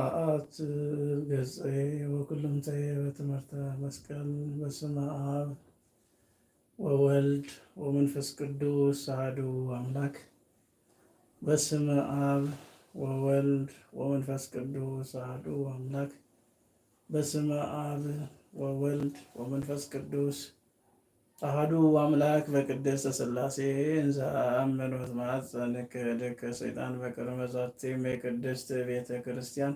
አት ገጸ ወኩልምተ በትምህርተ መስቀል በስመ አብ ወወልድ ወመንፈስ ቅዱስ አሐዱ አምላክ በስመ አብ ወወልድ ወመንፈስ ቅዱስ አሐዱ አምላክ በስመ አብ ወወልድ ወመንፈስ ቅዱስ አህዱ አምላክ በቅድስት ስላሴ እንዘ አመኑ ትማፀን ሰይጣን በቅድመ መዛቲም የቅድስት ቤተ ክርስቲያን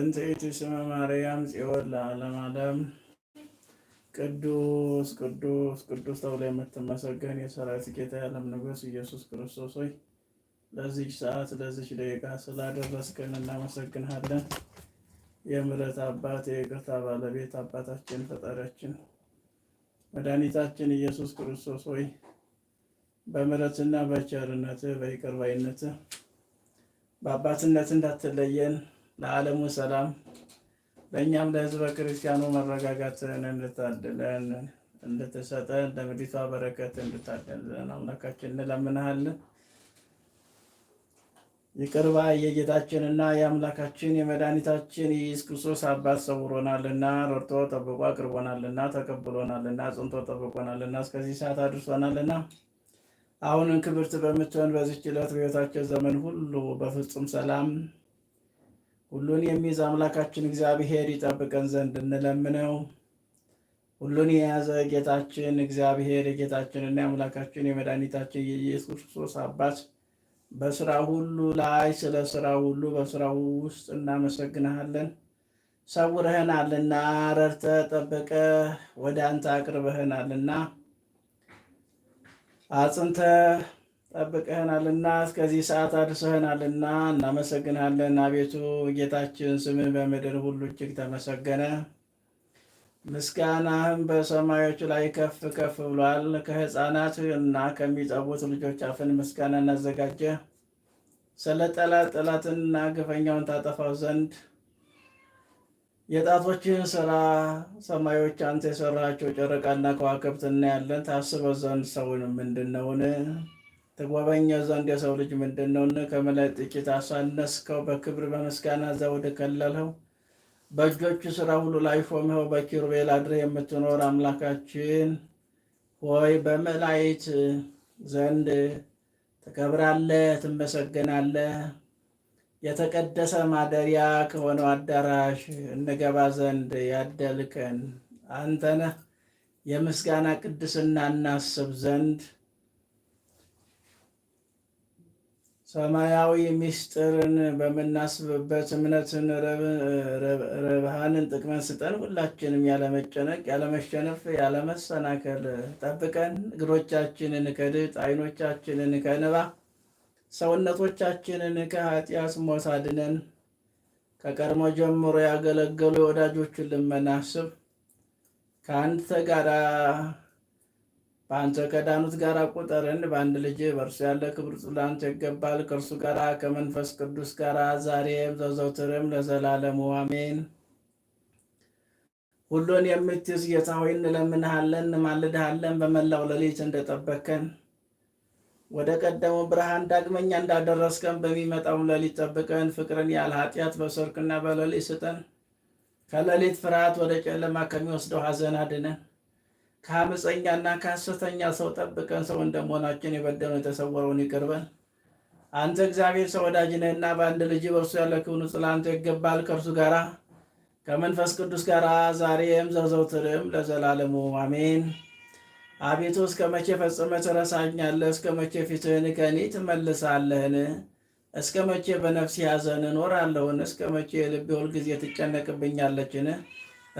እንተ ስመ ማርያም ጽዮን ለአለም ዓለም። ቅዱስ ቅዱስ ቅዱስ ተብሎ የምትመሰገን የሰራዊት ጌታ የዓለም ንጉሥ ኢየሱስ ክርስቶስ ሆይ ለዚች ሰዓት ለዚች ደቂቃ ስላደረስክን እናመሰግንሃለን። የምሕረት አባት የይቅርታ ባለቤት አባታችን ፈጣሪያችን መድኃኒታችን ኢየሱስ ክርስቶስ ሆይ በምሕረትና በቸርነት በይቅር በአባትነት እንዳትለየን ለዓለሙ ሰላም ለእኛም ለሕዝበ ክርስቲያኑ መረጋጋትን እንድታድለን እንድትሰጠን ለምድሪቷ በረከት እንድታደለን አምላካችን እንለምንሃለን። ይቅርባ የጌታችንና የአምላካችን የመድኃኒታችን የኢየሱስ ክርስቶስ አባት ሰውሮናልና ረድቶ ጠብቆ አቅርቦናልና ተቀብሎናልና ጽንቶ ጠብቆናልና እስከዚህ ሰዓት አድርሶናልና አሁንን ክብርት በምትሆን በዚች ዕለት በሕይወታቸው ዘመን ሁሉ በፍጹም ሰላም ሁሉን የሚይዝ አምላካችን እግዚአብሔር ይጠብቀን ዘንድ እንለምነው። ሁሉን የያዘ ጌታችን እግዚአብሔር የጌታችንና የአምላካችን የመድኃኒታችን የኢየሱስ ክርስቶስ አባት በስራ ሁሉ ላይ ስለ ስራ ሁሉ በስራው ውስጥ እናመሰግናሃለን። ሰውረህናልና ረድተ ጠበቀ ወደ አንተ አቅርበህናልና አጽንተ ጠብቀህናልና እስከዚህ ሰዓት አድርሰህናልና እናመሰግናለን አቤቱ ጌታችን ስምህ በምድር ሁሉ እጅግ ተመሰገነ። ምስጋናህም በሰማዮች ላይ ከፍ ከፍ ብሏል። ከሕፃናት እና ከሚጠቡት ልጆች አፍን ምስጋና እናዘጋጀ ስለ ጠላት ጠላትንና ግፈኛውን ታጠፋው ዘንድ የጣቶችን ስራ ሰማዮች አንተ የሰራቸው ጨረቃና ከዋክብት እናያለን። ታስበ ዘንድ ሰውን ምንድነውን? ተጓበኛ ዘንድ የሰው ልጅ ምንድነውን? ከመላይ ጥቂት አሳነስከው፣ በክብር በምስጋና ዘውድ ከለልኸው። በእጆቹ ስራ ሁሉ ላይ ሾምኸው በኪሩቤል አድረህ የምትኖር አምላካችን ሆይ በመላእክት ዘንድ ትከብራለህ፣ ትመሰገናለህ። የተቀደሰ ማደሪያ ከሆነው አዳራሽ እንገባ ዘንድ ያደልከን አንተ የምስጋና ቅድስና እናስብ ዘንድ ሰማያዊ ምስጢርን በምናስብበት እምነትን ረብሃንን ጥቅመን ስጠን። ሁላችንም ያለመጨነቅ፣ ያለመሸነፍ፣ ያለመሰናከል ጠብቀን። እግሮቻችንን ከድጥ አይኖቻችንን ከንባ ሰውነቶቻችንን ከኃጢአት ሞት አድነን። ከቀድሞ ጀምሮ ያገለገሉ የወዳጆችን ልመና አስብ ከአንተ ጋር በአንተ ከዳኑት ጋር ቁጠርን። በአንድ ልጅ በእርሱ ያለ ክብር ሁሉ ለአንተ ይገባል፣ ከእርሱ ጋር ከመንፈስ ቅዱስ ጋር ዛሬም ዘዘውትርም ለዘላለሙ አሜን። ሁሉን የምትይዝ ጌታ ሆይ እንለምንሃለን፣ እንማልድሃለን። በመላው ሌሊት እንደጠበከን ወደ ቀደሙ ብርሃን ዳግመኛ እንዳደረስከን በሚመጣው ሌሊት ጠብቀን። ፍቅርን ያለ ኃጢአት በሰርክና በሌሊት ስጠን። ከሌሊት ፍርሃት ወደ ጨለማ ከሚወስደው ሀዘን አድነን። ከአመፀኛና ከሐሰተኛ ሰው ጠብቀን፣ ሰው እንደመሆናችን የበደሉን የተሰወረውን ይቅርበን። አንተ እግዚአብሔር ሰው ወዳጅ ነህና በአንድ ልጅ በእርሱ ያለ ክብኑ ስላንተ ይገባል ከእርሱ ጋራ ከመንፈስ ቅዱስ ጋር ዛሬም ዘዘውትርም ለዘላለሙ አሜን። አቤቱ እስከ መቼ ፈጽመ ትረሳኛለህ? እስከ መቼ ፊትህን ከኔ ትመልሳለህን? እስከ መቼ በነፍስ ያዘን እኖራለሁን? እስከ መቼ ልቤ ሁልጊዜ ትጨነቅብኛለችን?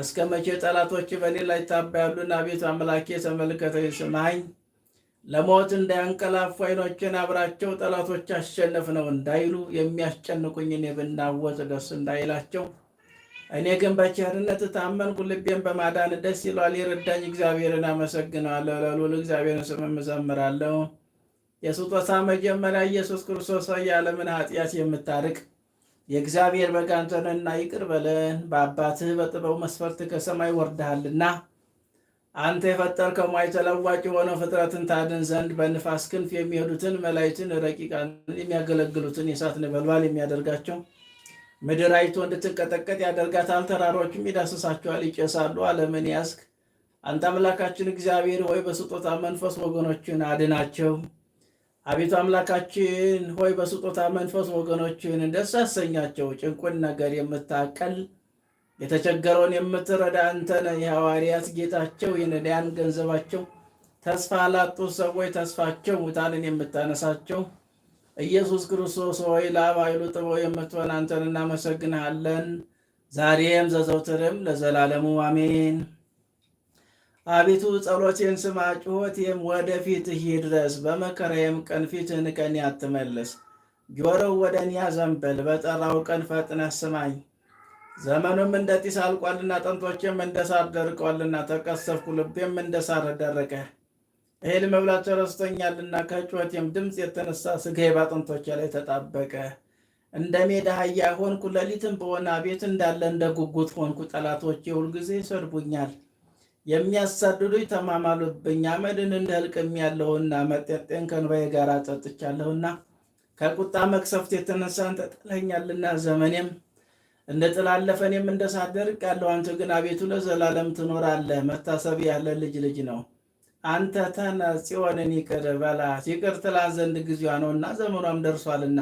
እስከ መቼ ጠላቶች በእኔ ላይ ይታበያሉን? አቤቱ አምላኬ ተመልከተኝ፣ ስማኝ። ለሞት እንዳያንቀላፉ አይኖችን አብራቸው። ጠላቶች አሸነፍ ነው እንዳይሉ የሚያስጨንቁኝ እኔ ብናወጥ ደስ እንዳይላቸው። እኔ ግን በቸርነት ታመንኩ፣ ልቤን በማዳን ደስ ይሏል የረዳኝ እግዚአብሔርን አመሰግነዋለሁ፣ ለሉል እግዚአብሔርን ስም እዘምራለሁ። የስጦታ መጀመሪያ ኢየሱስ ክርስቶስ ሆይ የዓለምን ኃጢአት የምታርቅ የእግዚአብሔር በግ ይቅር በለን በአባትህ በጥበቡ መስፈርት ከሰማይ ወርድሃልና አንተ የፈጠርከው ማይ ተለዋጭ የሆነው ፍጥረትን ታድን ዘንድ በንፋስ ክንፍ የሚሄዱትን መላይትን ረቂቃን የሚያገለግሉትን የእሳት ነበልባል የሚያደርጋቸው ምድር አይቶ እንድትቀጠቀጥ ያደርጋታል። ተራሮችም ይዳስሳቸዋል፣ ይጨሳሉ። ዓለምን ያስክ አንተ አምላካችን እግዚአብሔር ወይ በስጦታ መንፈስ ወገኖችን አድናቸው። አቤቱ አምላካችን ሆይ በስጦታ መንፈስ ወገኖችን ደስ አሰኛቸው። ጭንቁን ነገር የምታቀል የተቸገረውን የምትረዳ አንተነ የሐዋርያት ጌጣቸው የነዳያን ገንዘባቸው ተስፋ ላጡ ሰዎች ተስፋቸው ሙታንን የምታነሳቸው ኢየሱስ ክርስቶስ ሆይ ለአብ ኃይሉ ጥበው የምትሆን አንተን እናመሰግንሃለን ዛሬም ዘዘውትርም ለዘላለሙ አሜን። አቤቱ ጸሎቴን ስማ፣ ጩኸቴም ወደ ፊትህ ይድረስ። በመከራዬም ቀን ፊትህን ከእኔ አትመልስ። ጆሮው ወደ እኔ አዘንብል፣ በጠራው ቀን ፈጥነህ ስማኝ። ዘመኑም እንደ ጢስ አልቋልና፣ አጥንቶቼም እንደ ሳር ደርቀዋልና፣ ተቀሰፍኩ፣ ልቤም እንደ ሳር ደረቀ። እህል መብላት ተረስቶኛልና፣ ከጩኸቴም ድምፅ የተነሳ ስጋዬ በአጥንቶቼ ላይ ተጣበቀ። እንደ ሜዳ አህያ ሆንኩ፣ ሌሊትም በሆነ ቤት እንዳለ እንደ ጉጉት ሆንኩ። ጠላቶቼ ሁልጊዜ ይሰድቡኛል። የሚያሳድዱ ተማማሉብኝ አመድን እንደልቅም ያለውና መጠጤን ከእንባዬ ጋር ጠጥቻለሁና ከቁጣ መቅሰፍት የተነሳን ተጠለኛልና ዘመኔም እንደ ጥላለፈ እኔም እንደ ሳት ደርቄአለሁ። አንተ ግን አቤቱ ለዘላለም ትኖራለህ። መታሰብ ያለ ልጅ ልጅ ነው። አንተ ተነ ጽዮንን ይቅር በላት፣ ይቅር ትላ ዘንድ ጊዜዋ ነውና ዘመኗም ደርሷልና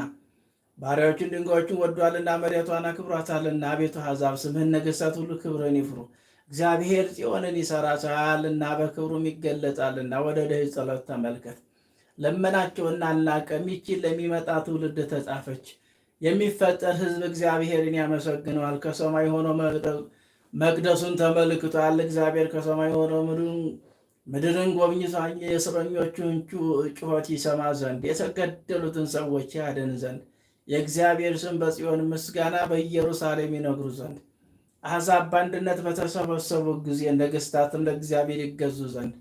ባሪያዎቹን ድንጋዮቹን ወዷልና መሬቷን አክብሯታልና። አቤቱ አሕዛብ ስምህን፣ ነገሥታት ሁሉ ክብርን ይፍሩ። እግዚአብሔር ጽዮንን ይሰራታል እና በክብሩም ይገለጣልና ወደ ደጅ ጸሎት ተመልከት። ለመናቸውና አልናቀም። ይቺ ለሚመጣ ትውልድ ተጻፈች። የሚፈጠር ሕዝብ እግዚአብሔርን ያመሰግነዋል። ከሰማይ ሆኖ መቅደሱን ተመልክቷል። እግዚአብሔር ከሰማይ ሆኖ ምድርን ጎብኝቷል። የእስረኞቹን ጩኸት ይሰማ ዘንድ የተገደሉትን ሰዎች ያድን ዘንድ የእግዚአብሔር ስም በጽዮን ምስጋና በኢየሩሳሌም ይነግሩ ዘንድ አሕዛብ በአንድነት በተሰበሰቡ ጊዜ ነገሥታትም ለእግዚአብሔር ይገዙ ዘንድ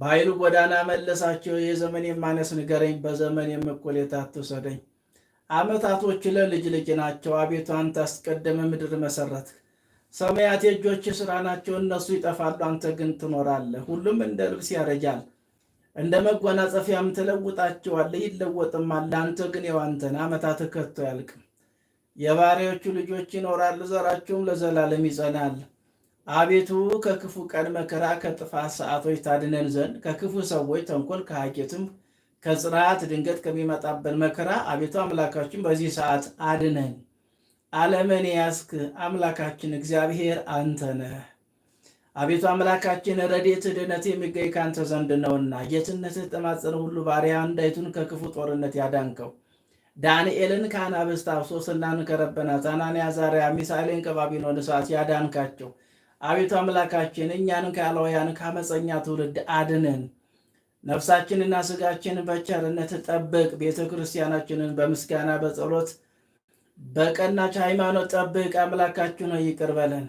በኃይሉ ጎዳና መለሳቸው። የዘመን የማነስ ንገረኝ፣ በዘመን የመቆሌታ አትውሰደኝ። ዓመታቶች ለልጅ ልጅ ናቸው። አቤቱ አንተ አስቀደመ ምድር መሰረት ሰማያት የእጆች ሥራ ናቸው። እነሱ ይጠፋሉ፣ አንተ ግን ትኖራለህ። ሁሉም እንደ ልብስ ያረጃል፣ እንደ መጎናጸፊያም ትለውጣቸዋለህ፣ ይለወጥማል። አንተ ግን የዋንተን ዓመታት ከቶ አያልቅም። የባሪያዎቹ ልጆች ይኖራሉ፣ ዘራቸውም ለዘላለም ይጸናል። አቤቱ ከክፉ ቀን መከራ፣ ከጥፋት ሰዓቶች ታድነን ዘንድ ከክፉ ሰዎች ተንኮል፣ ከሀኬትም ከጽናት ድንገት ከሚመጣበት መከራ አቤቱ አምላካችን በዚህ ሰዓት አድነን። ዓለምን ያስክ አምላካችን እግዚአብሔር አንተ ነህ። አቤቱ አምላካችን ረድኤት ድነት የሚገኝ ካንተ ዘንድ ነውና፣ ጌትነትህ የተማጸነ ሁሉ ባሪያ እንዳይቱን ከክፉ ጦርነት ያዳንከው ዳንኤልን ከአናብስት አፍ ሶስናን ከረበና ዛናንያ አዛርያ ሚሳኤልን ከባቢሎን እሳት ያዳንካቸው አቤቱ አምላካችን እኛንም ከአላውያን ከአመፀኛ ትውልድ አድነን። ነፍሳችንና ስጋችንን በቸርነት ጠብቅ። ቤተ ክርስቲያናችንን በምስጋና በጸሎት በቀናች ሃይማኖት ጠብቅ። አምላካችን ሆይ ይቅር በለን።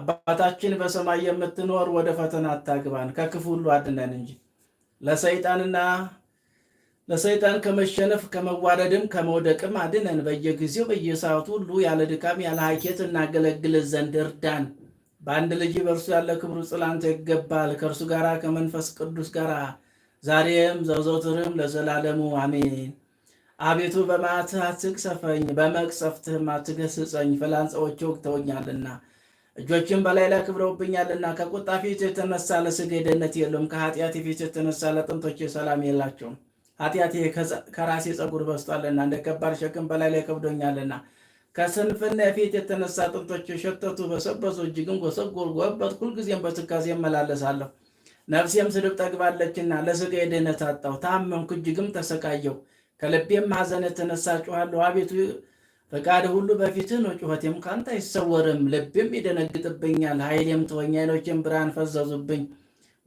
አባታችን በሰማይ የምትኖር ወደ ፈተና አታግባን፣ ከክፉ ሁሉ አድነን እንጂ ለሰይጣንና ለሰይጣን ከመሸነፍ ከመዋረድም ከመውደቅም አድነን። በየጊዜው በየሰዓቱ ሁሉ ያለ ድካም ያለ ሀኬት እናገለግል ዘንድ እርዳን። በአንድ ልጅ በእርሱ ያለ ክብሩ ጽላንተ ይገባል ከእርሱ ጋር ከመንፈስ ቅዱስ ጋር ዛሬም ዘውዘውትርም ለዘላለሙ አሜን። አቤቱ በመዓትህ አትቅሰፈኝ፣ በመቅሰፍትህም አትገስጸኝ፣ ፍላጻዎቼ ወግተውኛልና እጆችም በላይ ላይ ክብረውብኛልና። ከቁጣ ፊት የተነሳ ለሥጋ ደህንነት የለውም፣ ከኃጢአት ፊት የተነሳ ለጥንቶች ሰላም የላቸውም። ኃጢአቴ ከራሴ ጸጉር በስቷልና እንደ ከባድ ሸክም በላይ ላይ ከብዶኛልና ከስንፍና የፊት የተነሳ አጥንቶች የሸተቱ በሰበሱ እጅግን ጎሰጎር ጎበት ሁልጊዜም በትካዜ እመላለሳለሁ። ነፍሴም ስድብ ጠግባለችና ለስጋ ድህነት አጣሁ። ታመምኩ፣ እጅግም ተሰቃየሁ። ከልቤም ሐዘን የተነሳ ጩኋለሁ። አቤቱ ፈቃድ ሁሉ በፊትህ ነው፣ ጩኸቴም ከአንተ አይሰወርም። ልቤም ይደነግጥብኛል፣ ኃይሌም ተወኝ። ዓይኖቼም ብርሃን ፈዘዙብኝ።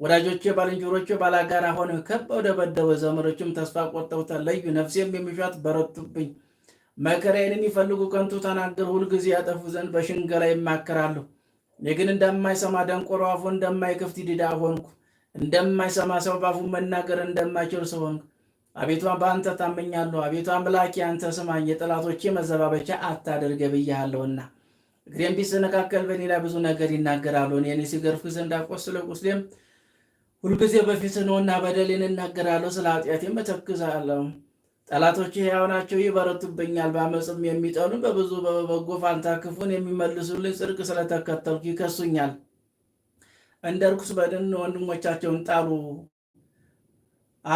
ወዳጆቼ ባልንጀሮቼ ባላጋራ ሆነ ከበው ደበደበ። ዘመዶችም ተስፋ ቆርጠውታል ለዩ። ነፍሴም የሚሿት በረቱብኝ። መከራዬን የሚፈልጉ ከንቱ ተናገር። ሁልጊዜ ያጠፉ ዘንድ በሽንገላ ይማከራሉ። እኔ ግን እንደማይሰማ ደንቆሮ አፉ እንደማይከፍት ዲዳ ሆንኩ። እንደማይሰማ ሰው ባፉ መናገር እንደማይችል ሰው ሆንኩ። አቤቱ በአንተ ታመኛለሁ። አቤቱ አምላኬ አንተ ስማኝ። የጠላቶቼ መዘባበቻ አታደርገ ብያሃለሁና እግሬም ቢሰነካከል በኔ ላይ ብዙ ነገር ይናገራሉ። እኔን ሲገርፍ ዘንድ አቆስለ ቁስሌም ሁልጊዜ በፊት ነውና በደሌን እናገራለሁ፣ ስለ ኃጢአቴም እተክዛለሁ። ጠላቶች ሕያው ናቸው፣ ይበረቱብኛል። በአመፅም የሚጠሉን በብዙ በበጎ ፋንታ ክፉን የሚመልሱልኝ ጽድቅ ስለተከተልኩ ይከሱኛል። እንደ ርኩስ በድን ወንድሞቻቸውን ጣሉ።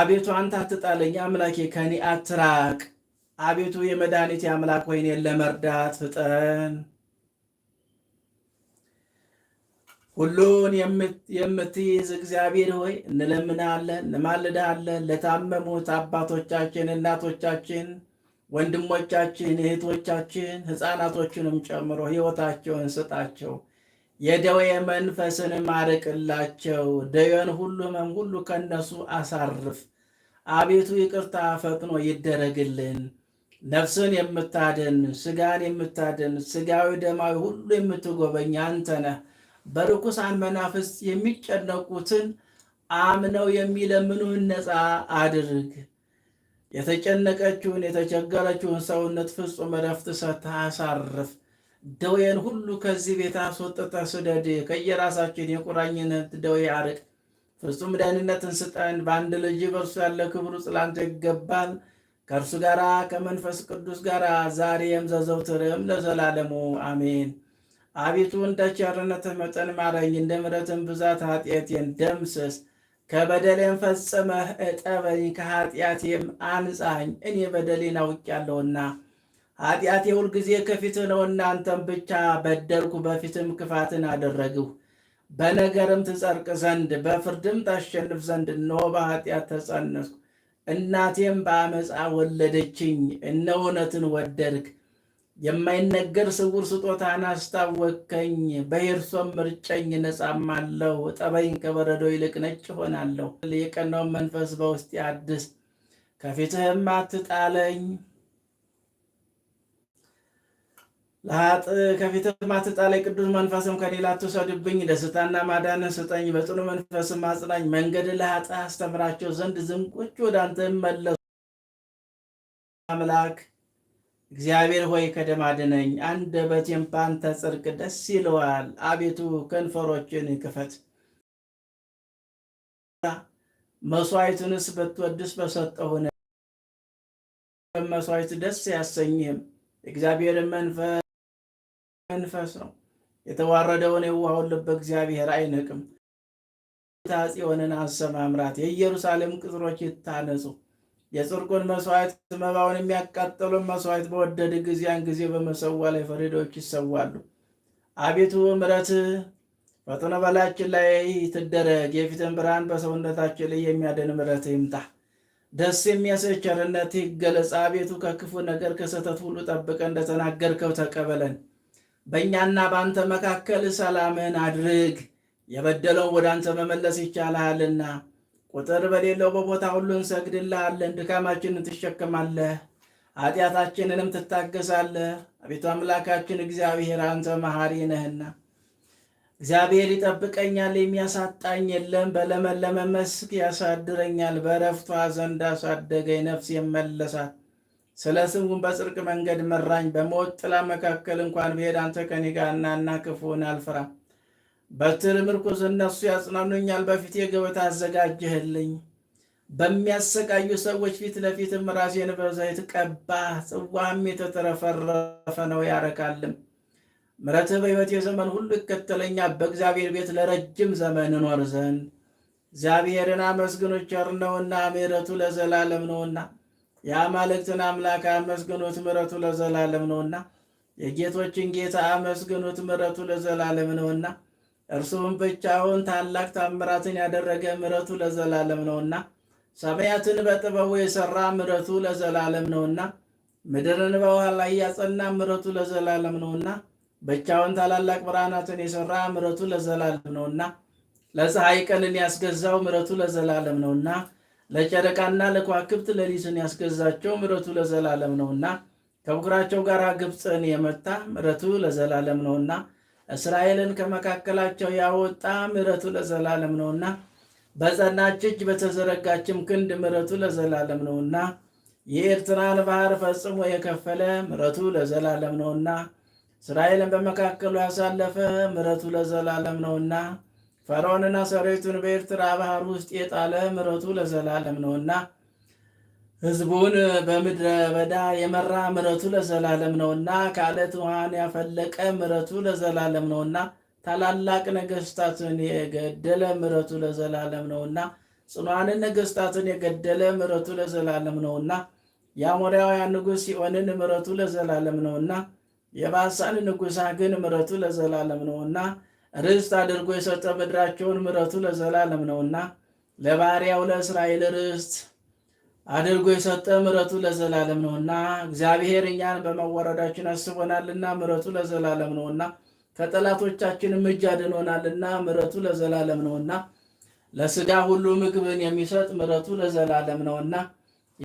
አቤቱ አንተ አትጣለኝ፣ አምላኬ ከኔ አትራቅ። አቤቱ የመድኃኒቴ አምላክ ሆይ ለመርዳት ፍጠን። ሁሉን የምትይዝ እግዚአብሔር ሆይ እንለምናለን፣ እንማልዳለን። ለታመሙት አባቶቻችን፣ እናቶቻችን፣ ወንድሞቻችን፣ እህቶቻችን ሕፃናቶችንም ጨምሮ ሕይወታቸውን ስጣቸው፣ የደዌ መንፈስንም አርቅላቸው፣ ደዌን ሁሉ ሕመም ሁሉ ከነሱ አሳርፍ። አቤቱ ይቅርታ ፈጥኖ ይደረግልን። ነፍስን የምታድን ስጋን የምታድን ስጋዊ ደማዊ ሁሉ የምትጎበኝ አንተ ነህ። በርኩሳን መናፍስት የሚጨነቁትን አምነው የሚለምኑህን ነፃ አድርግ። የተጨነቀችውን የተቸገረችውን ሰውነት ፍጹም እረፍት ሰጥተህ አሳርፍ። ደዌን ሁሉ ከዚህ ቤት አስወጥተህ ስደድ። ከየራሳችን የቁራኝነት ደዌ አርቅ። ፍጹም ደህንነትን ስጠን። በአንድ ልጅ በእርሱ ያለ ክብሩ ጽላንት ይገባል። ከእርሱ ጋር ከመንፈስ ቅዱስ ጋር ዛሬም ዘዘውትርም ለዘላለሙ አሜን። አቤቱ እንደ ቸርነትህ መጠን ማረኝ፣ እንደ ምሕረትህም ብዛት ኃጢአቴን ደምስስ። ከበደሌም ፈጽመህ እጠበኝ፣ ከኃጢአቴም አንጻኝ። እኔ በደሌን አውቄአለሁና ኃጢአቴ ሁልጊዜ ከፊትህ ነውና፣ አንተም ብቻ በደልኩ፣ በፊትም ክፋትን አደረግሁ። በነገርም ትጸርቅ ዘንድ በፍርድም ታሸንፍ ዘንድ እነሆ በኃጢአት ተጸነስኩ፣ እናቴም በአመፃ ወለደችኝ። እነ እውነትን ወደድክ የማይነገር ስውር ስጦታን አስታወከኝ። በሄርሶም ምርጨኝ ነጻማለሁ። ጠበኝ ከበረዶ ይልቅ ነጭ ሆናለሁ። የቀናውን መንፈስ በውስጥ አድስ፣ ከፊትህም አትጣለኝ ለሀጥ ከፊትህም አትጣለኝ። ቅዱስ መንፈስም ከሌላ አትውሰድብኝ። ደስታና ማዳን ስጠኝ፣ በጽኑ መንፈስም አጽናኝ። መንገድ ለሀጥ አስተምራቸው ዘንድ ዝንጎች ወደ አንተ መለሱ አምላክ እግዚአብሔር ሆይ ከደም አድነኝ፣ አንደበቴም በአንተ ጽድቅ ደስ ይለዋል። አቤቱ ከንፈሮችን ክፈት፣ መሥዋዕትንስ ብትወድስ በሰጠሁህ መስዋዕት ደስ ያሰኝህም። እግዚአብሔር መንፈስ ነው፣ የተዋረደውን የዋሃውን ልብ እግዚአብሔር አይንቅም። ጽዮንን አሰማምራት፣ የኢየሩሳሌም ቅጥሮች ይታነጹ። የጽርቁን መስዋዕት መባውን የሚያቃጠሉን መስዋዕት በወደድ ጊዜያን ጊዜ በመሰዋ ላይ ፈሪዳዎች ይሰዋሉ። አቤቱ ምረት ፈጥኖ በላያችን ላይ ትደረግ። የፊትን ብርሃን በሰውነታችን ላይ የሚያደን ምረት ይምታ። ደስ የሚያሰኝ ቸርነት ይገለጽ። አቤቱ ከክፉ ነገር ከሰተት ሁሉ ጠብቀ እንደተናገርከው ተቀበለን። በእኛና በአንተ መካከል ሰላምን አድርግ። የበደለውን ወደ አንተ መመለስ ይቻልሃልና ቁጥር በሌለው በቦታ ሁሉ እንሰግድልሃለን፣ ድካማችንን ትሸከማለህ፣ ኃጢአታችንንም ትታገሳለህ። አቤቱ አምላካችን እግዚአብሔር አንተ መሐሪ ነህና እግዚአብሔር ይጠብቀኛል፣ የሚያሳጣኝ የለም። በለመለመ መስክ ያሳድረኛል፣ በእረፍቷ ዘንድ አሳደገኝ፣ ነፍስ ይመለሳል። ስለ ስሙን በጽድቅ መንገድ መራኝ። በሞት ጥላ መካከል እንኳን ብሄድ አንተ ከእኔ ጋር ነህና ክፉን አልፈራም። በትር ምርኩዝ እነሱ ያጽናኑኛል። በፊት ገበታ አዘጋጀህልኝ። በሚያሰቃዩ ሰዎች ፊት ለፊትም ራሴን በዘይት ቀባህ። ጽዋም የተትረፈረፈ ነው ያረካልም። ምሕረትህ በሕይወቴ የዘመን ሁሉ ይከተለኛ በእግዚአብሔር ቤት ለረጅም ዘመን እኖር ዘንድ እግዚአብሔርን አመስግኑ፣ ቸር ነውና ምሕረቱ ለዘላለም ነውና። የአማልክትን አምላክ አመስግኑት፣ ምሕረቱ ለዘላለም ነውና። የጌቶችን ጌታ አመስግኑት፣ ምሕረቱ ለዘላለም ነውና። እርሱም ብቻውን ታላቅ ታምራትን ያደረገ ምረቱ ለዘላለም ነውና፣ ሰማያትን በጥበቡ የሰራ ምረቱ ለዘላለም ነውና፣ ምድርን በውሃ ላይ ያጸና ምረቱ ለዘላለም ነውና፣ ብቻውን ታላላቅ ብርሃናትን የሰራ ምረቱ ለዘላለም ነውና፣ ለፀሐይ ቀንን ያስገዛው ምረቱ ለዘላለም ነውና፣ ለጨረቃና ለከዋክብት ሌሊትን ያስገዛቸው ምረቱ ለዘላለም ነውና፣ ከብኩራቸው ጋር ግብፅን የመታ ምረቱ ለዘላለም ነውና እስራኤልን ከመካከላቸው ያወጣ ምሕረቱ ለዘላለም ነውና በጸናች እጅ በተዘረጋችም ክንድ ምሕረቱ ለዘላለም ነውና የኤርትራን ባህር ፈጽሞ የከፈለ ምሕረቱ ለዘላለም ነውና እስራኤልን በመካከሉ ያሳለፈ ምሕረቱ ለዘላለም ነውና ፈርዖንና ሰራዊቱን በኤርትራ ባህር ውስጥ የጣለ ምሕረቱ ለዘላለም ነውና ሕዝቡን በምድረ በዳ የመራ ምረቱ ለዘላለም ነውና፣ ከአለት ውሃን ያፈለቀ ምረቱ ለዘላለም ነውና፣ ታላላቅ ነገስታትን የገደለ ምረቱ ለዘላለም ነውና፣ ጽኗንን ነገስታትን የገደለ ምረቱ ለዘላለም ነውና፣ የአሞራውያን ንጉሥ ሲኦንን ምረቱ ለዘላለም ነውና፣ የባሳን ንጉሥ ዐግን ምረቱ ለዘላለም ነውና፣ ርስት አድርጎ የሰጠ ምድራቸውን ምረቱ ለዘላለም ነውና፣ ለባሪያው ለእስራኤል ርስት አድርጎ የሰጠ ምረቱ ለዘላለም ነውና እግዚአብሔር እኛን በመዋረዳችን አስቦናልና ምረቱ ለዘላለም ነውና ከጠላቶቻችንም እጅ አድኖናልና ምረቱ ለዘላለም ነውና ለስጋ ሁሉ ምግብን የሚሰጥ ምረቱ ለዘላለም ነውና